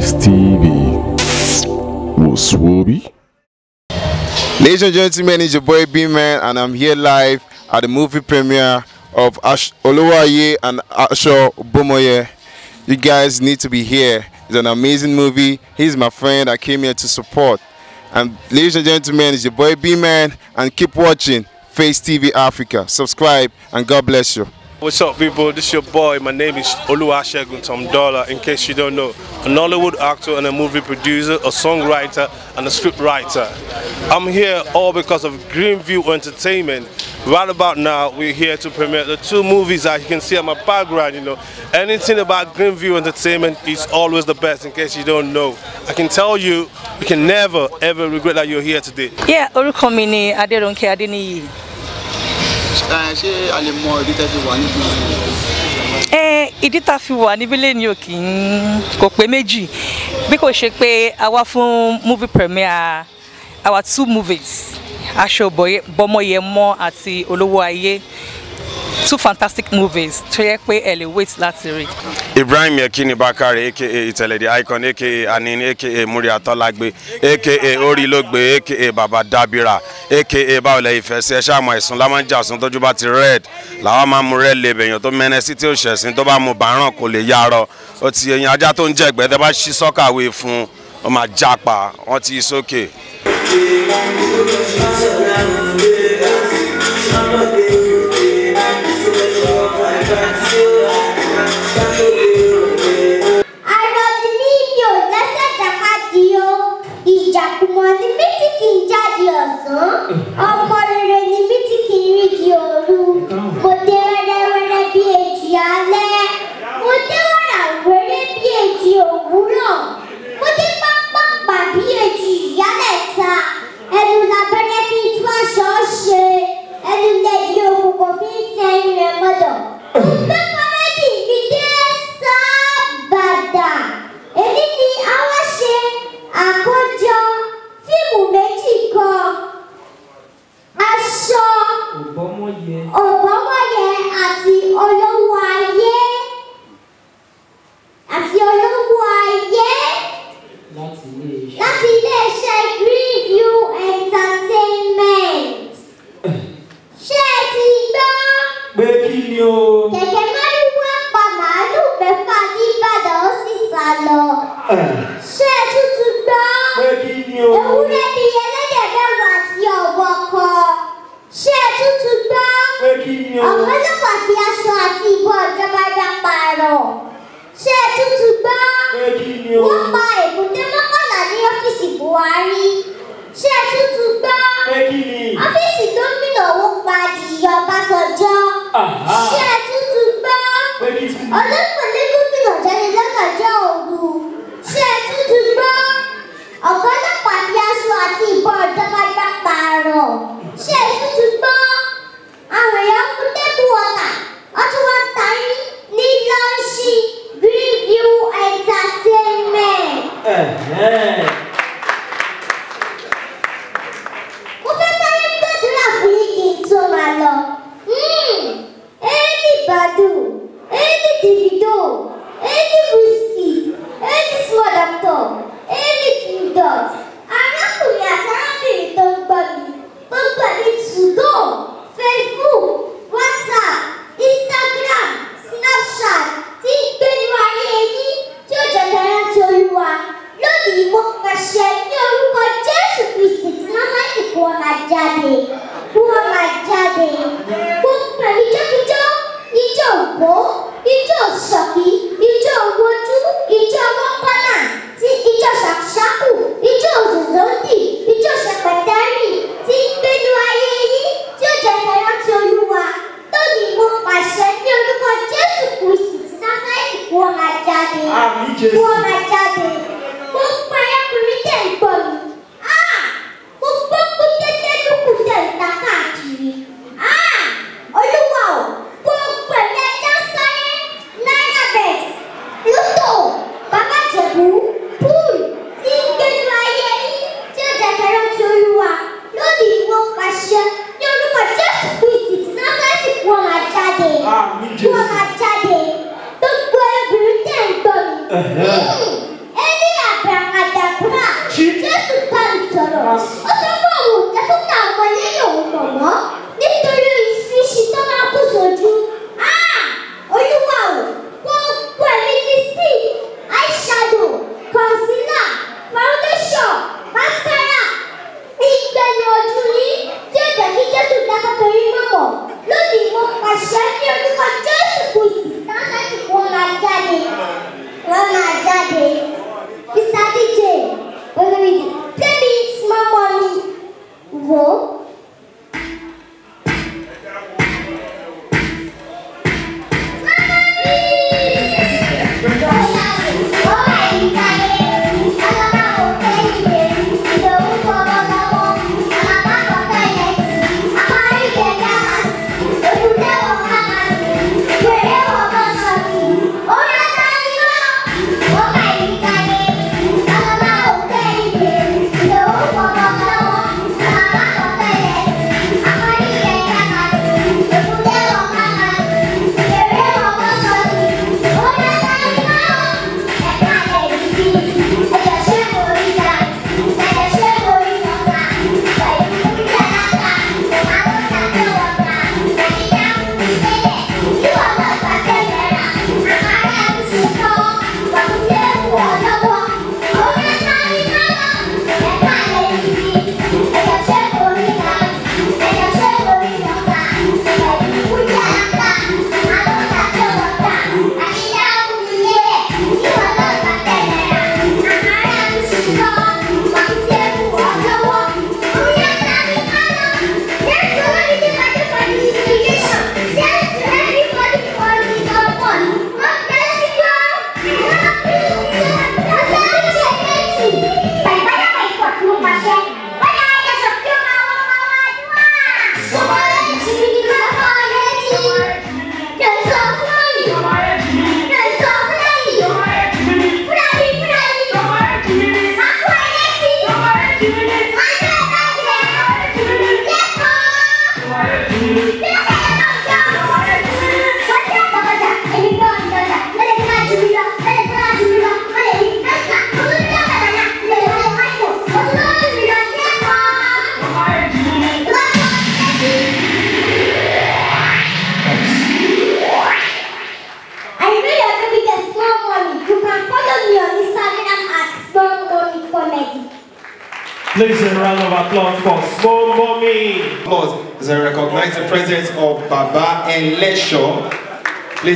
Space TV. Muswobi. Ladies and gentlemen, it's your boy B-Man and I'm here live at the movie premiere of Ash Oluwaye and Asho Bomoye. You guys need to be here. It's an amazing movie. He's my friend. I came here to support. And ladies and gentlemen, it's your boy B-Man and keep watching Face TV Africa. Subscribe and God bless you. What's up people, this is your boy, my name is Oluwasegun Tomdola, in case you don't know. a Hollywood actor and a movie producer, a songwriter and a scriptwriter. I'm here all because of Greenview Entertainment. Right about now, we're here to premiere the two movies that you can see on my background, you know. Anything about Greenview Entertainment is always the best, in case you don't know. I can tell you, you can never ever regret that you're here today. Yeah, orúkọ mi ni Adérónkẹ́ Adéníyì. Eh, ṣé a lè mọ ìdí tẹ́ fi wà níbi ẹ ìdí tá a fi wà níbí lé ní òkì kò pé méjì bí kò ṣe pé a wá fún movie premiere our two movies aṣọ bọmọyẹmọ àti olówó ayé two fantastic movies tó yẹ pé ẹ lè wait láti rí. Ibrahim Yekini Bakari, aka Ìtẹ̀lẹ̀dì Icon aka Anini aka Muria Tọ́lágbé aka Orílógbé aka Baba Dabira aka Báwọlẹ̀ Ìfẹsẹ̀ ṣáàmù àìsàn lámánjàsùn tójú bá ti red làwọn máa mú red label èèyàn tó mẹ́nẹ́ sí tí ó ṣẹ̀sìn tó bá mu bàáràn kò lè yarọ ó ti èèyàn ajá tó ń jẹ̀gbẹ́ tẹ́ bá ṣí sọ́kàwé fún un ó máa wọ́n ti sókè. maçã, a cólera de biquíni de ouro, poder era de teu poder era verde de ouro, poder papá de aleta, é do na benefício a xoxe, é do de ouro com pincel e remado.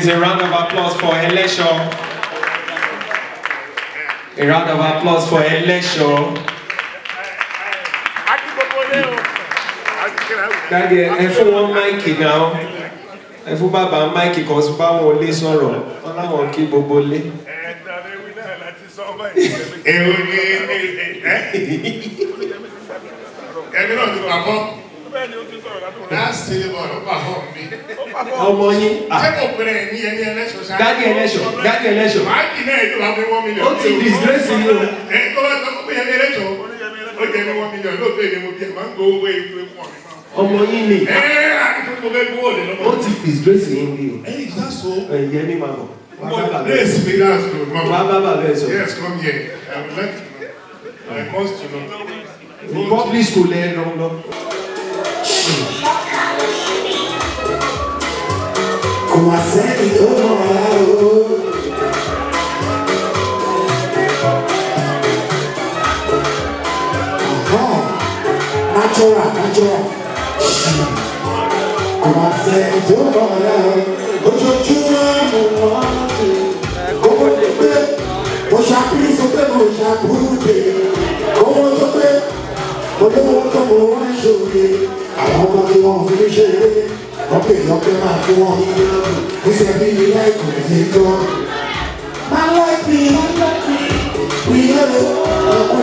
Is a round of applause for Elesho. A round of applause for Elesho. Daddy, ẹ fún Mikey now. náà. Ẹ fún bàbá máìkì kan sọ báwọn olè sọ̀rọ̀. Wọ́n láwọn kí gbogbo lé. Èwo ni ẹ̀mí náà ti wà fún that's silly boy ó perform mi. ọmọ yín. sẹ́kọ̀ ah. pẹ̀lẹ́ ní ẹni ẹlẹ́sọ̀. dáàdì ẹlẹ́sọ̀ dáàdì ẹlẹ́sọ̀. máa kì náà ìlú àwọn ẹwọ́n mílíọ̀nù. ó ti disgrace yín o. ẹni tó bá tọ́ pé ẹni ẹlẹ́sọ̀ ó jẹ́ ẹni wọ́n mílíọ̀nù lóòótọ́ èdè mo bí ẹ̀ máa ń gbowó ewu ewu ọ̀rẹ́ náà ọmọ yín ni. ó ti disgrace yín ni o. ẹ̀yẹ ní màbọ̀. wà á bá bàbá ẹ sọ. public school ẹ lọ́wọ́. Com a sede do moral Natural, natural Com a sede do moral Hoje eu te amo, morte Como você Vou já preso pelo jabuti olówó kọ́mọ wá ṣòye àwọn ọmọ tí wọ́n fi ṣeré wọ́n pè lọ́pẹ́ máa fún wọn kí ṣe bí ilé ẹ̀kọ́ ti tọ́. My life be we yẹ ọkọ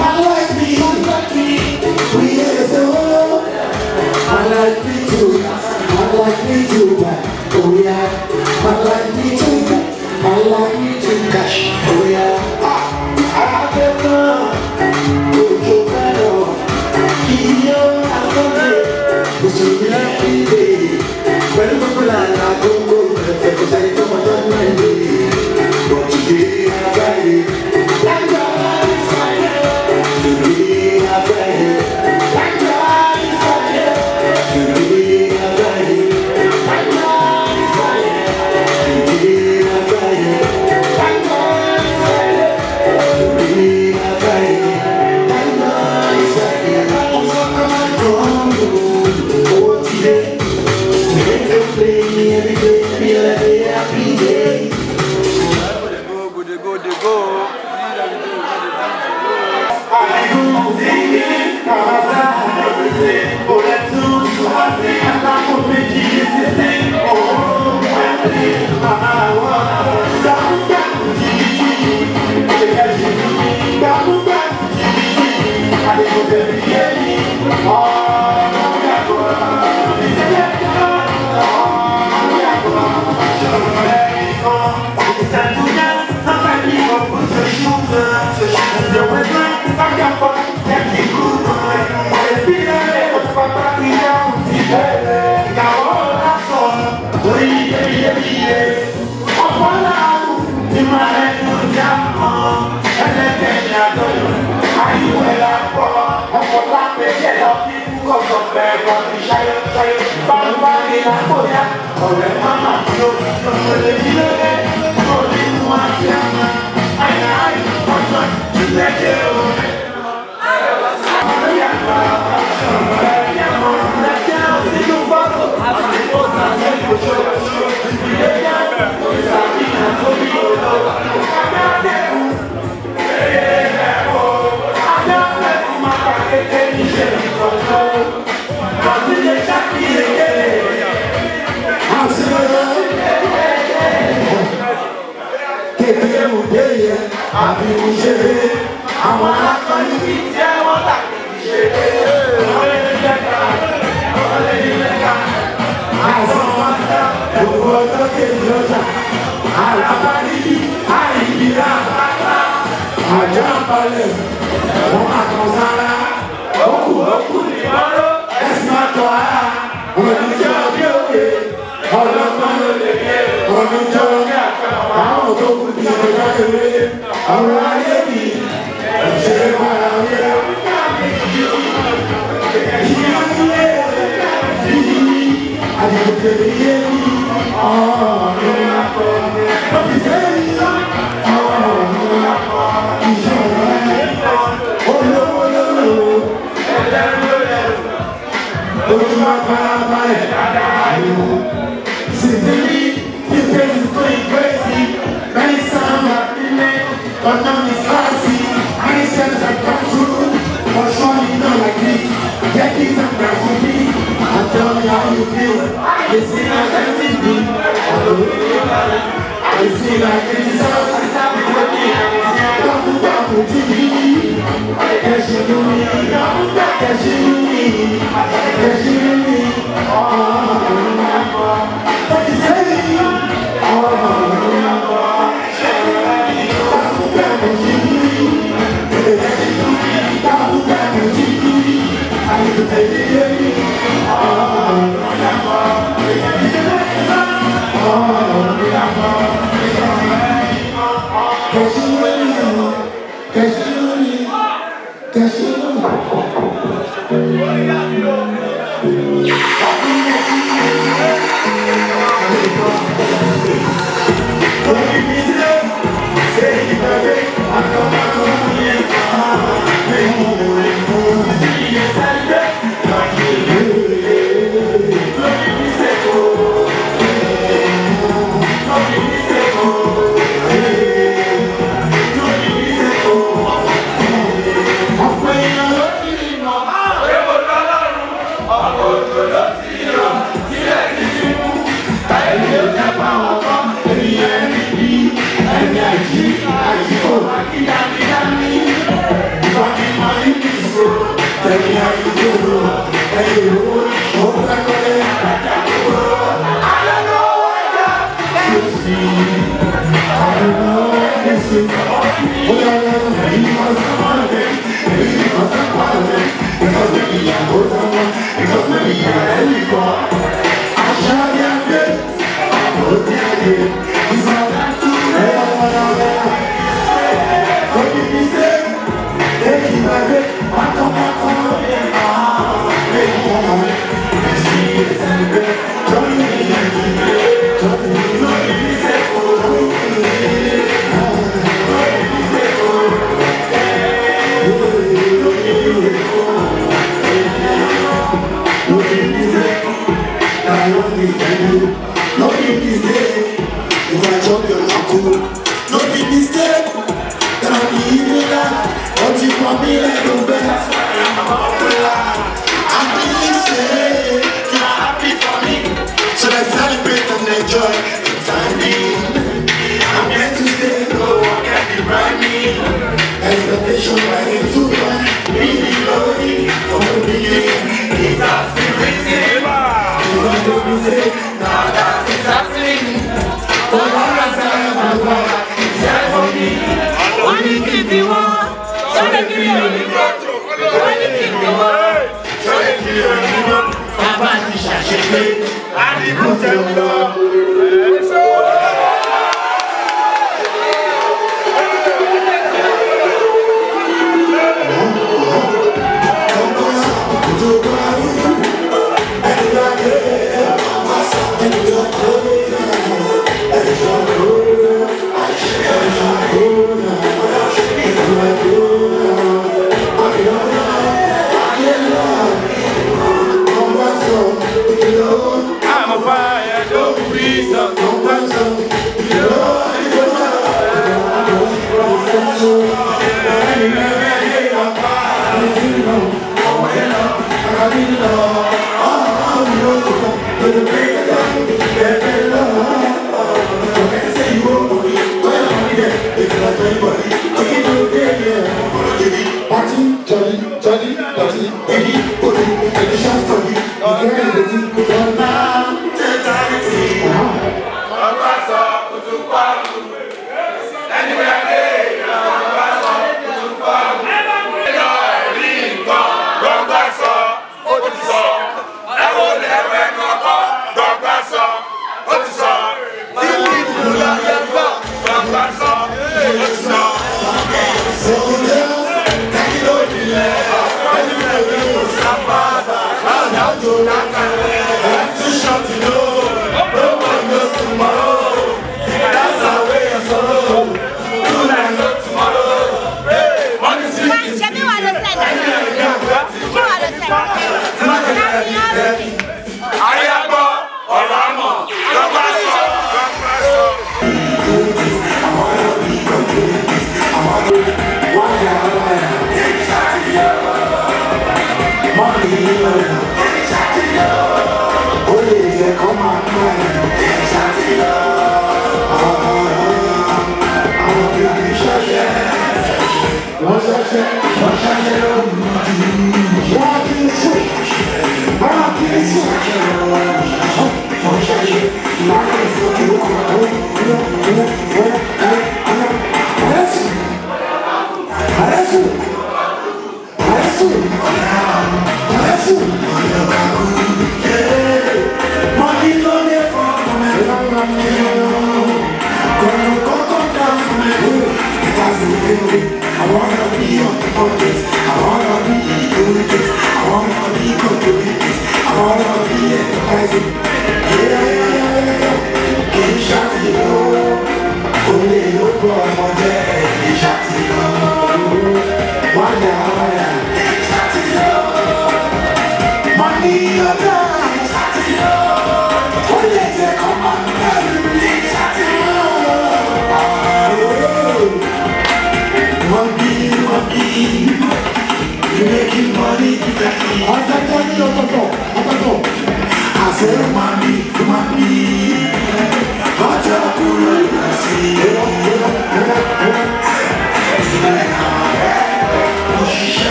My life be we yẹ ẹsẹ̀ wọ́n. My life be too My life me too bad oh yeah My life me too bad My life be too cash oh yeah. Pero no la la, àwọn alákọ̀ọ́lù bíi tiẹ̀ wọ́n tà kìí ṣe àwọn ẹlẹ́dẹ́ka àwọn ẹlẹ́dẹ́ka àìsàn wọn dá òkú ọjọ́ kejì ọjà alábàdìbí àìbí àbáta àjọ àbálẹ̀ wọn àtọ̀ sára òkú òkú nìbọ́rọ́ ẹ̀sìn àtọ̀ ara oníjọ́ bí òkè ọlọ́gbọ́n ló lè gbé oníjọ́ bí àkàwọ̀ àwọn òkú nìbọ́rọ́ kékeré ọ̀rọ̀ ayé bìí. Oh, my God. you. That's what before. I shall get this. I will get it. September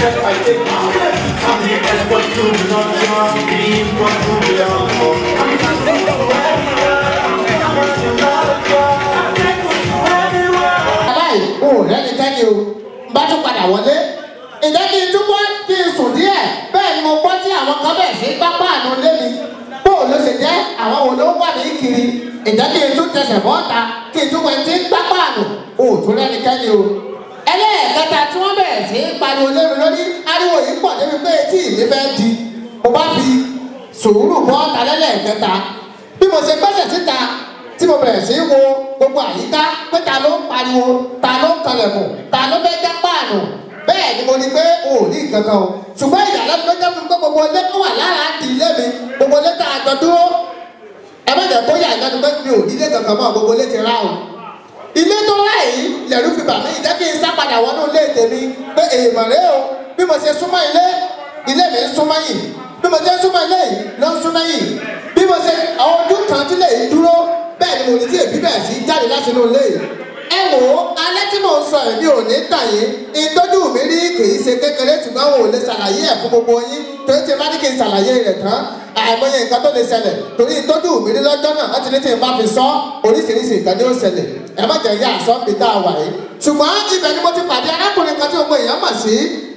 yes, I take my way. Come here as what you belong to, be what you belong to. I'm not saying that ẹnikẹ́ni o bá tún padà wọlé ìdẹ́kí túbọ̀ kí n sùn díẹ̀ bẹ́ẹ̀ ni mo gbọ́ tí àwọn kan bẹ̀ sí pápá àánú lé mi bóò ló ṣe jẹ́ àwọn wo ló wà ní kiri ìdẹ́kí tún tẹsẹ̀ bọ́ta kí n tún wẹ̀ tí pápá àánú òòtú lẹ́nikẹ́ni o pariwo lé mi lórí ariwo yìí pọ̀ débi pé etí mi fẹ́ di mo bá fi sùúrù bọ́ ọ̀tá lẹ́lẹ́ẹ̀kẹta bí mo ṣe gbẹ́sẹ̀ síta tí mo bẹ̀rẹ̀ sí wo gbogbo àyíká pé ta ló ń pariwo ta ló ń kanlẹ̀kùn ta ló fẹ́ já páànù bẹ́ẹ̀ ni mo ní pé o ò ní kankan o ṣùgbọ́n ìyàlẹ́nu ló jẹ́ fún mi pé gbogbo ilé tó wà lára ti ilé mi gbogbo ilé tá a jọ dúró ẹ má jẹ́ kó yà ìyàlẹ́nu mi ò nílé kankan mọ́ gbogbo ilé ti rá o ilé tó rẹ̀ yìí lẹ̀rú fi bà mí ìjẹ́ kí n sá padà wọnú ilé tèmi pé èèmọ̀ rẹ o bí mo ṣe súnmọ́ ilé ilé mi ń súnmọ́ yìí bí mo ṣe ń súnmọ́ ilé yìí ló ń súnmọ́ yìí bí mo ṣe àwọn ojú kan tí lè yìí dúró bẹ́ẹ̀ ni mo ní tí èbí bẹ́ẹ̀ sí jáde láti inú ilé yìí ẹ wò ó alẹ́ tí mò ń sọ èmi ò ní tàn yín ìtọ́jú mi rí kìí ṣe kékeré ṣùgbọ́n àwọn ò lè ṣàlàyé ẹ̀ fún gbogbo yín torí tí n bá ní kí n ṣàlàyé rẹ̀ tán àìmọye nǹkan tó lè ṣẹlẹ̀ torí ìtọ́jú mi rí lọ́jọ́ náà láti ní tí n bá fi sọ oríṣiríṣi nǹkan ni ó ṣẹlẹ̀ ẹ má jẹ́ yá àṣọ mi tá a wà yìí ṣùgbọ́n ibẹ̀ ni mo ti pàdé arákùnrin kan tí gbogbo èèyàn mọ̀ sí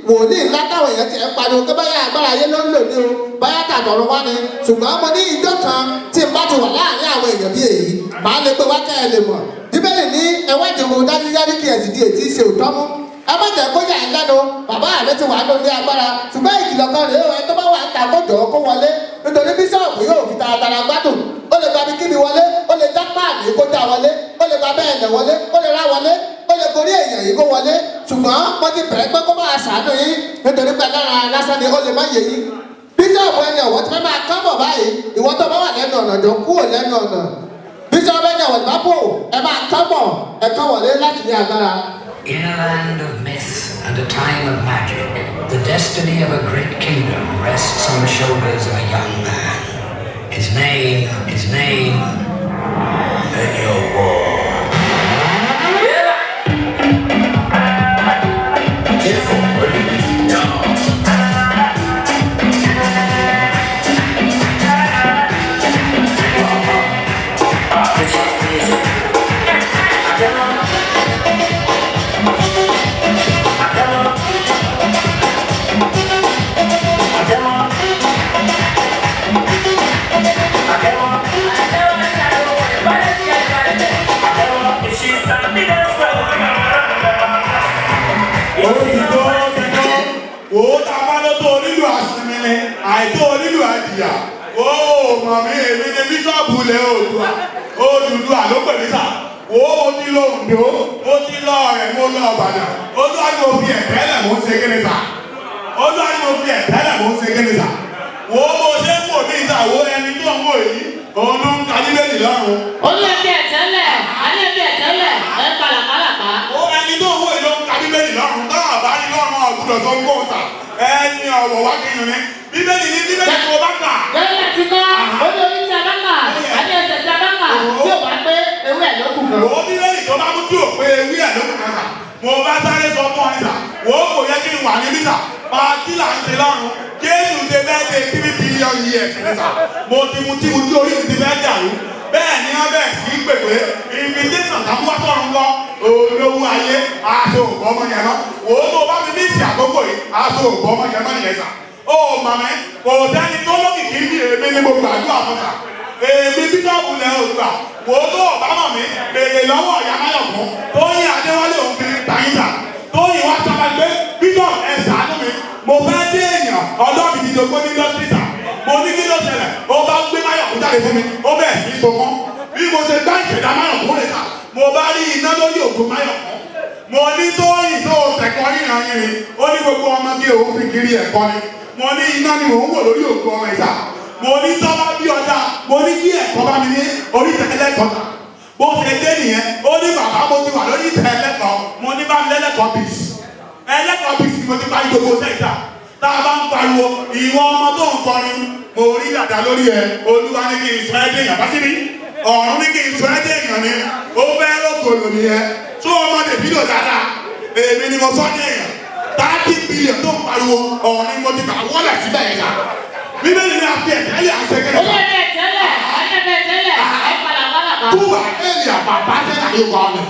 wòlíì ńlá táwọn èèyàn ti ẹ̀ pariwo pé báyà agbára ayé ló ń lò ní o báyà tàbọ̀rọ̀ wá ni ṣùgbọ́n mo ní ìjọ kan tí n bá ti wà láàárín àwọn èèyàn bí èyí màá lè pé wákẹ́ ẹ lè mọ̀ bíbélì ní ẹwà ìdìbò dájúdájú kí ẹ̀sìn di ètí ṣe òótọ́ mú ẹ má jẹ́ kó yà ẹ́ bàbá rẹ ti wà á lóde agbára ṣùgbọ́n ìkìlọ̀ kan rèé ẹ tó bá wà á ta kójọ kó wọlé nítorí bíṣọ̀ọ̀bù yóò fi taratara gbádùn ó lè gba bí kíni wọlé ó lè já páàlì kó já wọlé ó lè gba bẹ́ẹ̀ lẹ̀ wọlé ó lè rá wọlé ó lè gorí èèyàn yìí kó wọlé ṣùgbọ́n wọ́n ti bẹ̀rẹ̀ pé kó máa ṣàánú yín nítorí pé lára lásán ni ó lè má yẹ yín bíṣọ̀ọ̀bù ẹni ọ̀wọ́ In a land of myth and a time of magic, the destiny of a great kingdom rests on the shoulders of a young man. His name, his name, Beowulf. Yeah. àìtó onílù àdìyà ó mọ̀ mí èmi ni bíṣọ̀bù ilẹ̀ Oòduà Oòduà ló pè mí sà ó ti lọ Oǹdó ó ti lọ ọ̀rẹ́ mo lọ Ìbàdàn Olúwa ni mo fi ẹ̀tẹ́ lẹ̀ mo ń ṣe kéde sà Olúwa ni mo fi ẹ̀tẹ́ lẹ̀ mo ń ṣe kéde sà wo mo ṣe ń wò mí sà wo ẹni tó ń wò yìí òun ló ń ka níbẹ̀ nìlọ́run. Olúwa fi ẹ̀tẹ́ lẹ̀ alẹ́ fi ẹ̀tẹ́ lẹ̀ ẹ̀ pàlàpà. ọ̀dọ̀ tó ń kó ta ẹni ọ̀wọ̀ wá kí yìnyín bíbélì ní bíbélì tó bá kà. lẹ́yìn àti kọ́ ó ní orí tí a bá kà àti ẹsẹ̀ tí a bá kà tí ò bá pé ewé ẹ̀ kan. wo bíbélì tó bá mú tí ò pé ewé ẹ̀ kan kà mo bá sáré sọ fún ọ̀hìn sà wo kò yẹ kí n wà níbí sà pàtí là ń ṣe lọ́run jésù ṣe bẹ́ẹ̀ dé three billion years sà mo ti mu tí mo tí orí mi ti fẹ́ dàrú bẹ́ẹ̀ ni wọ́n bẹ̀rẹ̀ sí pèpè invitation tàbí wọ́n tọrọ ńkọ́ olówó ayé aṣọ òkú ọmọ yẹn lọ wò ó tó o bá fi ní ìsìn àkókò yìí aṣọ òkú ọmọ yẹn lọ ó màmí kò sẹ́ni tó lókìkí ní èmi ni mo gbàdúrà fún sà èmi bí náà wulẹ̀ ògbà wò ó tó o mọ̀ mí béèrè lọ́wọ́ ọ̀yá máyọ̀kún tó yẹ adéwálé òkiri tàyíṣà tó yẹ wá sábà gbé bíjọ́ ẹ̀ mo ní kí ló ṣẹlẹ̀ ó bá gbé máyọ̀kú jáde fún mi ó bẹ̀rẹ̀ sí sọkún bí mo ṣe gbá ìṣẹ̀dá máyọ̀kú rẹ̀ ta mo bá rí iná lórí ògùn máyọ̀kú mo ní tó ìṣó tẹ̀kọ́ ríran yín ni ó ní gbogbo ọmọ bí òun fi kiri ẹ̀kọ́ ni mo ní iná ni mò ń wò lórí ògùn ọmọ ìta mo ní tọ́ba bí ọjà mo ní kí ẹ̀kọ́ bá mi ní orí tẹ̀lẹ́kọ̀ọ́ ta bó ṣe dé nìyẹn ó ní bàbá mo ti wà lórí tẹ̀lẹ́kọ̀ọ́ mo ní bá mi lẹ́lẹ́kọ̀ọ́ bìs ẹlẹ́kọ̀ọ́ bìs mo ti parí gbogbo sẹ́yìn ta tá a bá ń pariwo ìwọ ọmọ tó ń kọrin mo rí dàda lórí ẹ olúwa ní kí n sọ ẹ́ déèyàn bá síbí ọ̀run ní kí n sọ ẹ́ déèyàn ni ó fẹ́ lókòlò nìyẹn tó ọmọ dèbídò dáadáa èmi ni mo sọ déèyàn thirty billion tó ń pariwo ọ̀run ni mo ti gbà wọ́lẹ̀ síbẹ̀ yẹn ká bíbélì ni a fi ẹ̀tẹ́lẹ̀ àṣẹkẹ́lẹ̀. owó ẹ̀tẹ́lẹ̀ ẹ̀tẹ́lẹ̀ ẹ̀pàlàpàlà. kúwà ẹ̀lì àpàpà tẹ́lẹ̀ àyè wà ọ̀nà.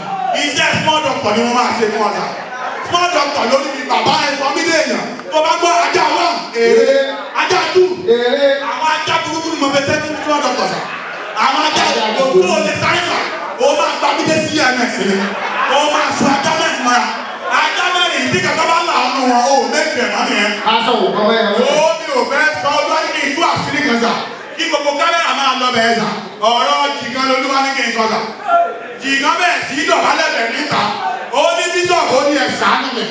iṣẹ́ small doctor ni mo máa ṣe fún ọ̀la mọ dọ̀tọ̀ lórí mi bàbá ẹ sọ mí léèyàn tó bá gbọ́ ajá wà èrè ajá dù èrè àwọn ajá burúkú ni mo fẹ́ sẹ́kù mọ dọ̀tọ̀ sà àwọn ajá òkú ò lè sáré fà ó máa gba mí dé sí ms ni ó máa sọ ajá mẹ́rin mọ́ra ajá mẹ́rin tí kankan bá là ọ́nù wọn ó mẹ́rin mọ́ nìyẹn. aṣọ òkú ọmọ yẹn. ó ní o fẹ́ sọ ọlọ́ọ̀ni ní ìtú àṣírí kan sà kí gbogbo kámẹ́rà máa lọ bẹ̀ẹ́ sà ọ̀rọ̀ jìgan lolúwa ní kí n sọ sà jìgan bẹ́ẹ̀ sí dọ̀bálẹ̀ bẹ̀ẹ́ níta ó ní bíṣọ̀pù ó ní ẹ̀ sàánú mi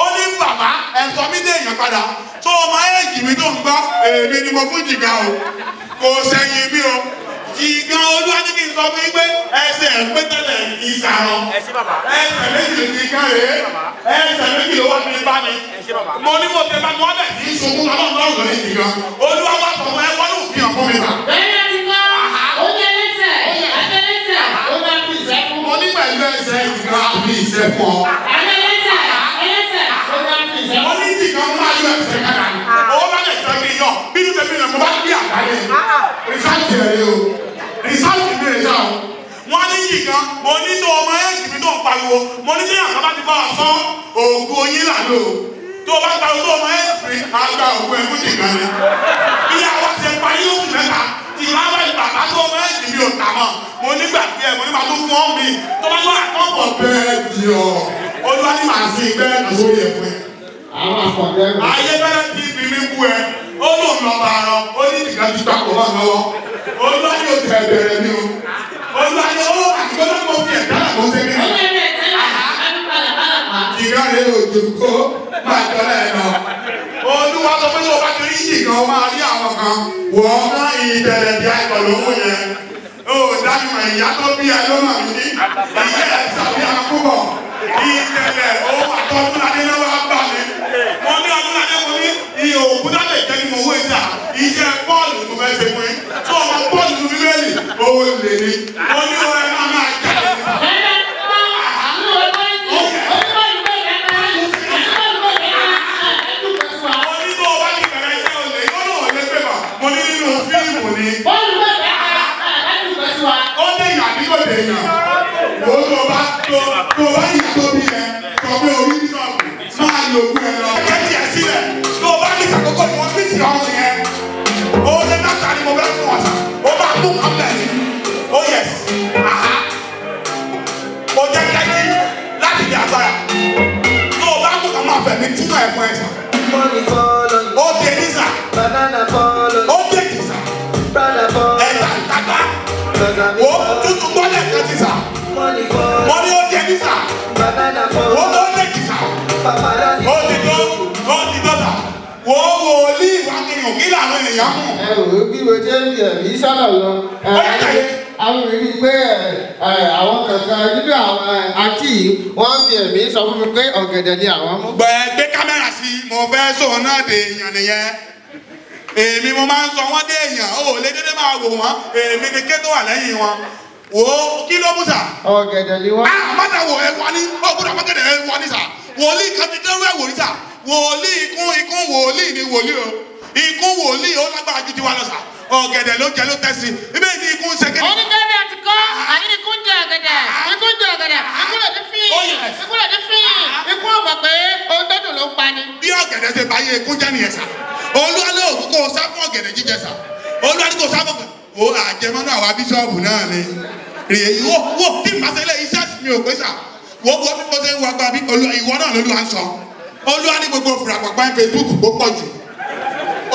ó ní bàbá ẹ̀sọ́ mi dé èèyàn padà tó o máa ẹ̀jì mi tó ń gbọ́ èmi ni mo fún jìgá o kò sẹ́yìn mi o jìgá olúwa ní kí n sọ fún yín pé ẹsẹ̀ pétẹ́lẹ̀ ìsàrọ̀ ẹsẹ̀ méjì ti káre ẹsẹ̀ méjì ló wà ní bá mi mo ní mo tẹ bá mi wọ́n bẹ̀ sí sunkún ọlọ́run lọ́rùn lórí jìgá olúwa wà tọ̀ ẹ wọ́n ní òfin ọ̀fọ́ mi rà. bẹ́ẹ̀ bẹ́ẹ̀ sẹ́ ìgbà fi ìṣẹ́ fún ọ. ẹlẹ́sẹ̀ ẹlẹ́sẹ̀ ó bá fi ìṣẹ́ fún ọ. onídìí kan máa yọ ẹsẹ̀ kára ni. owó bá lè sọ mí yọ bí ní sẹ́mi náà mo bá gbé àgbáyé. rìsáàtì rẹ̀ o rìsáàtì mi rẹ̀ sá o. wọ́n ní yìí kan mo ní tó ọmọ ẹ̀jì mi tó ń pariwo mo ní kéèyàn kan bá ti bá ọ sọ òògùn oyin là lò tó bá gba owó ọmọ ẹ̀jì mi àgbà òògùn ẹ̀fúnjì kan ni. bí àwọn ti ẹ̀ parí oṣù mẹ́ta yí ọ olúwa ni màá sin ìgbẹ́ àsórí ẹ̀fọ́ ẹ̀. ayé bẹ́rẹ̀ tí fi mí bú ẹ ó lóun lọ bá arọ ó ní nìkan ti gbà pọ̀ náà lọ́wọ́ olúwa ni o tẹ̀ bẹ̀rẹ̀ mi o olúwa ni ó àtìgbọ́n náà mo fi ẹ̀dá àgbọ̀ sí mi. ìgbà rẹ̀ ò dùn kó máa jọlá ẹ̀ lọ olúwa sọ pé tó o bá ti rí yìí kan máa rí àwọn kan wọ́n ká ìtẹ̀lẹ̀ bí àìkọ̀ lówó yẹn. Oh, my o dáhùn ìyá tó bí ẹ ló mà mí ìyá ẹ tàbí àkúbọ̀ ìtẹ̀lẹ̀ ó àtọ́ ọdúnladé ló wá bá mi mo ní ọdúnladé mo ní iye òkúta lè jẹ́ ni mo wé ta iṣẹ́ bọ́ọ̀lù mo fẹ́ ṣe pín tó ọmọ bọ́ọ̀lù mi lélẹ̀ ó lè ní mo ní ọ̀rẹ́ máa máa yìí wo tó bá tó tó bá yìí tóbi yẹn sọ pé orí ṣọ́ọ̀bù máa lo ògùn ẹ lọ. ẹgbẹ́ tiẹ̀ sílẹ̀ tó bá ní ìṣàkókò ni wọ́n fi ọ̀hún yẹn ó lé náà ni mo bẹ́ fún ọ̀sà ó máa mú ọ̀bẹ yìí ó yẹ àhá ó jẹ́ kẹ́kí láti di agbára tó o bá mú ọmọ ọ̀fẹ́ mi túmọ̀ ẹ̀fọ́ ẹ̀sà ó di ẹ̀dísà ó di ẹ̀dísà ẹ̀sà tàgbá. Elisa. Wọ́n lọ lé kìsà. Ó ti tọ́ ó ti tọ́ta. Wọ́n wo olí ìwà kìnnìún kí làwọn ènìyàn mú. Ẹ ò bí wo jẹ́ Elisa náà lọ. Ó yẹ kàyé àwọn èmi pé àwọn kankan nínú àwọn àti wọn fi ẹ̀mí mo máa ń sọ wọ́n dé èèyàn ó lé dédé máa wò wọ́n èmi ni ké wà lẹ́yìn wọn wo kí ló mú sà. ọ̀gẹ̀dẹ̀ ni wọ́n. a má ta wò ẹ wá ní ọ gbọ́dọ̀ má gẹ̀dẹ̀ ẹ wá ní sà wòlíì kan ti dẹ́rù ẹ̀ wòlíì sà wòlíì ikún ikún wòlíì ni wòlíì o ikún wòlíì o lágbára ju tiwa lọ sà ọ̀gẹ̀dẹ̀ ló jẹ ló tẹ̀sí ibi ni ikún ṣe kéde. oníkẹ́ bí a ti kọ́ àyè ah, ah. ikún jẹ ọ̀gẹ̀dẹ̀ ikún jẹ ọ̀gẹ̀dẹ̀ ikún lòdì fíyìn ah, ikún lòdì fíyìn ikún ọ̀mọ̀ pé ohun tó dùn ló ń pani. bí ọ̀gẹ̀dẹ̀ ṣe bá yé ikún jẹ́ nìyẹn sà olúwa ló kó sáfún ọ̀gẹ̀dẹ̀ jíjẹ sà olúwa ló kó sáfún wo àjẹmọ́nú àwa bíṣọ́ọ̀bù náà ni èyí wò wò tí màsílẹ̀ iṣẹ́ mi ò gbé sà wò wò bí mo ṣe ń wà gba bí ìwọ náà lólu à ń sọ olúwa ní gbogbo fura pàpà Facebook kó pọ̀ jù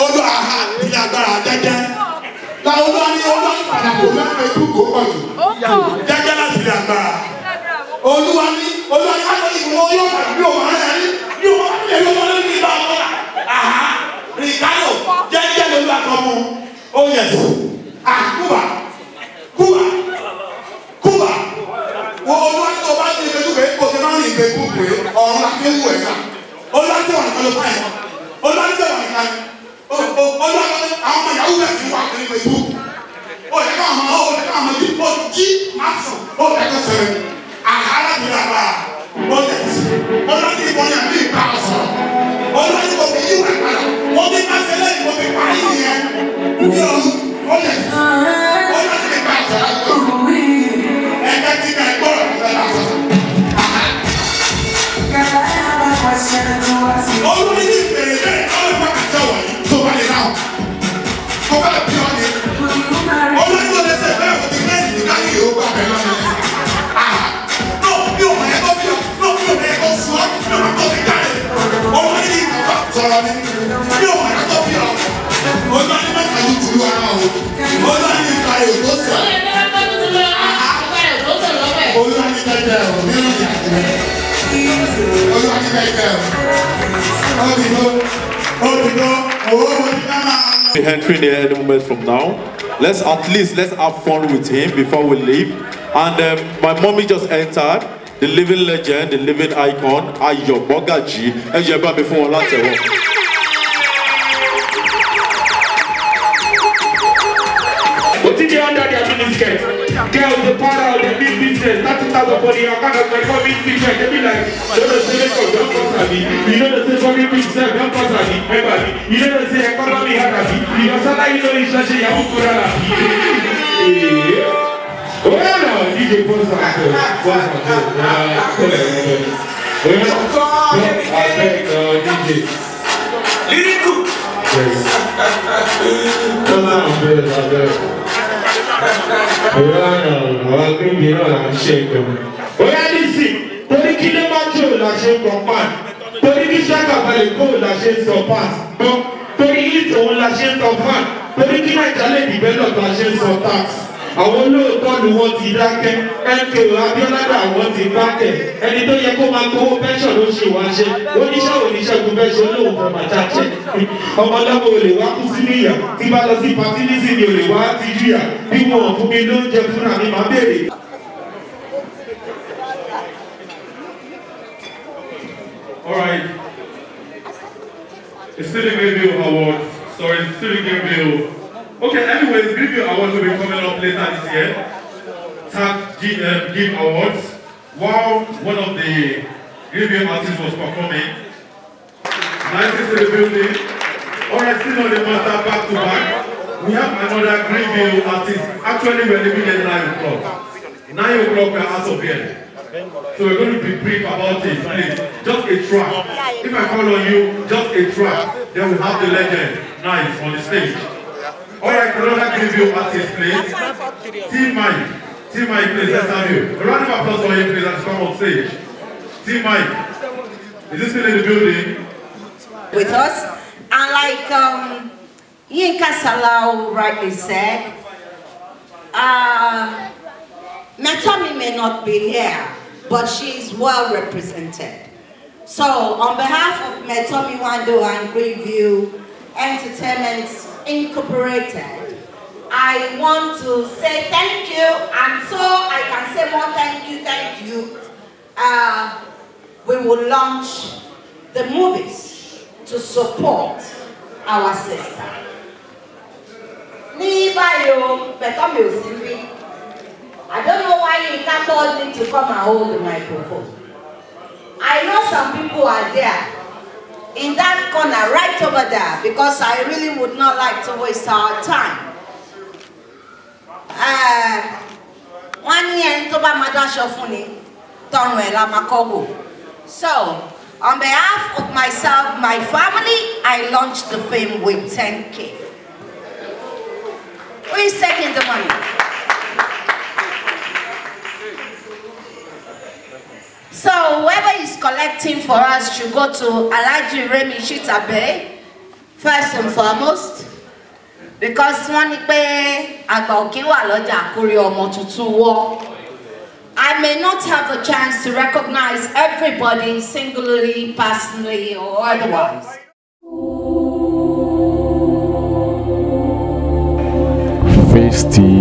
olúwa ha ní agbára jẹ́jẹ́ la olúwa ní olúwa ní pàtàkì olúwa Facebook kó pọ̀ jù jẹ́jẹ́ láti ní agbára olúwa ní olúwa ní wàá ní ìwọ yóò fà bí òun ara yẹn ní wọn ní ẹlò wọn ní ìbá wọn àhá rìkárò jẹ́jẹ́ lórí àkọ́mú ó yẹ sùn àkúbà kúbà wo olúwa tó bá ní ìgbésù pé kò sí máa ń ìgbé kú pé ọ̀run àti wù ẹ̀ ká olúwa tí wọ́n lọ fáyà olúwa tí wọ́n lọ fáyà olúwa àwọn ọmọ yahoo rẹ̀ ti wà ní ìgbésù o yẹ ká hàn o yẹ ká hàn bí o jí aṣọ o yẹ ká sẹ́yìn àkàrà bí la bá o yẹ ti olúwa tí ìbọn yà bí ìgbà ọ̀sán olúwa tí kò fi yíwèé padà o bí má sẹ́lẹ̀ ìbọn fi parí yẹn o yẹ ti. entering here any moment from now. Let's at least let's have fun with him before we leave. And um, my mommy just entered. The living legend, the living icon, Ayo Bogaji. Ẹ jẹ́ before, mi fún wọn látẹ̀wọ́. Otiji under their miniskirt. Girls, the power of the big business, thirty thousand for the account of my company secret. They be like mi ilé lọ sí sọ́bí bí ṣiṣẹ́ ẹ̀gbẹ́ pọ́sà mi ẹgbà mi ilé lọ sí ẹ̀kọ́ bá mi hàkà mi ìyọ̀sọ́lá yìí lórí ṣọ́ṣe ìyàwó kúrò rà mí. Oyè nà DJ pọ́sà tó pọ́sà tó rà kọ́lẹ̀ wọn. Oyè nà tó abẹ́ nà DJ. Líríkù. Kọ́lá àbẹ̀ àbẹ̀. Oyè nà àwọn akéwì náà là ń ṣe ìgbẹ̀mọ̀. Oyè nà ìsìn torí kí lè má jò là ṣe gbọ̀ngbọ̀n torí bí ṣàkàbalẹ̀ kó la ṣe ń sọ pass gbọ́ torí it òun la ṣe ń sọ fan torí kí nàìjà lè develop la ṣe ń sọ tax àwọn olóòótọ́ ni wọ́n ti dákẹ́ mko abiolada àwọn ti bákẹ́ ẹni tó yẹ kó máa gbowó pension ló ṣe wá ṣe oníṣẹ́ oníṣègùn pension lóun kò máa jáde ọmọdébò olè wá kú sí níyà tí bá lọ sí patí nísìnyí olè wá ti jìyà bí wọn ò fún mi lóúnjẹ fúnra mi máa béèrè. All right. It's still the Greenville Awards. Sorry, it's still the Greenville. Okay, anyways, Greenville Awards will be coming up later this year. TAC GM Give Awards. While one of the Greenville artists was performing, nice to the building. All right, still on the matter, back to back. We have another Greenville artist. Actually, we're leaving at 9 o'clock. 9 o'clock, we're out of here. So we're going to be brief about it, please. Just a track. If I call on you, just a track. Then we have the legend, Nice, on the stage. Alright, can I give you artist, please? Team Mike. Team Mike, please, let's have you. A round of applause for you, please, and come on stage. Team Mike. Is this still in the building? With us. And like um, Yinka Salau rightly said, uh, Metami may not be here. but she is well represented. So on behalf of Metomi Wando and Greenview Entertainment Incorporated, I want to say thank you and so I can say more thank you, thank you. Uh, we will launch the movies to support our sister. Ní báyìí Metomi I don't know why you can't call me to come and hold the microphone. I know some people are there in that corner right over there because I really would not like to waste our time. Uh, one year to Madasha Funi, Makogo. So, on behalf of myself, my family, I launched the film with 10K. Who is taking the money? So whoever is collecting for us should go to Alaji Remi Bay first and foremost because wọ́n ní pé àgbà òkè ọmọ tuntun wọ́. I may not have the chance to recognize everybody singularly, personally, or otherwise. Face